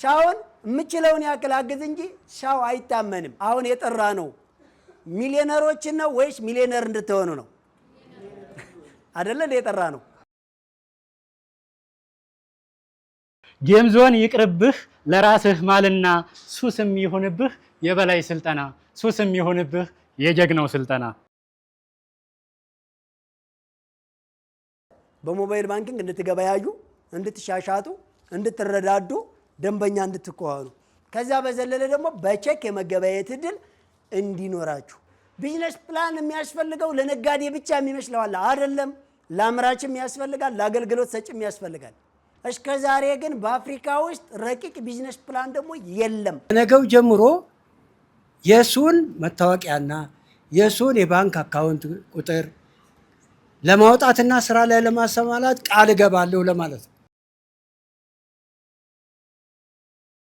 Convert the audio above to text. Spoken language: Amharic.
ሻውን የምችለውን ያክል አግዝ እንጂ ሻው አይታመንም። አሁን የጠራ ነው ሚሊዮነሮችን ነው ወይስ ሚሊዮነር እንድትሆኑ ነው? አደለ እንደ የጠራ ነው። ጌም ዞን ይቅርብህ፣ ለራስህ ማልና ሱስም ይሁንብህ የበላይ ስልጠና፣ ሱስም ይሁንብህ የጀግናው ስልጠና። በሞባይል ባንኪንግ እንድትገበያዩ፣ እንድትሻሻጡ፣ እንድትረዳዱ ደንበኛ እንድትከሆኑ ከዛ በዘለለ ደግሞ በቼክ የመገበያየት እድል እንዲኖራችሁ። ቢዝነስ ፕላን የሚያስፈልገው ለነጋዴ ብቻ የሚመስለዋል አይደለም። ለአምራችም ያስፈልጋል፣ ለአገልግሎት ሰጭም ያስፈልጋል። እስከ ዛሬ ግን በአፍሪካ ውስጥ ረቂቅ ቢዝነስ ፕላን ደግሞ የለም። ነገው ጀምሮ የእሱን መታወቂያና የእሱን የባንክ አካውንት ቁጥር ለማውጣትና ስራ ላይ ለማሰማላት ቃል እገባለሁ ለማለት ነው።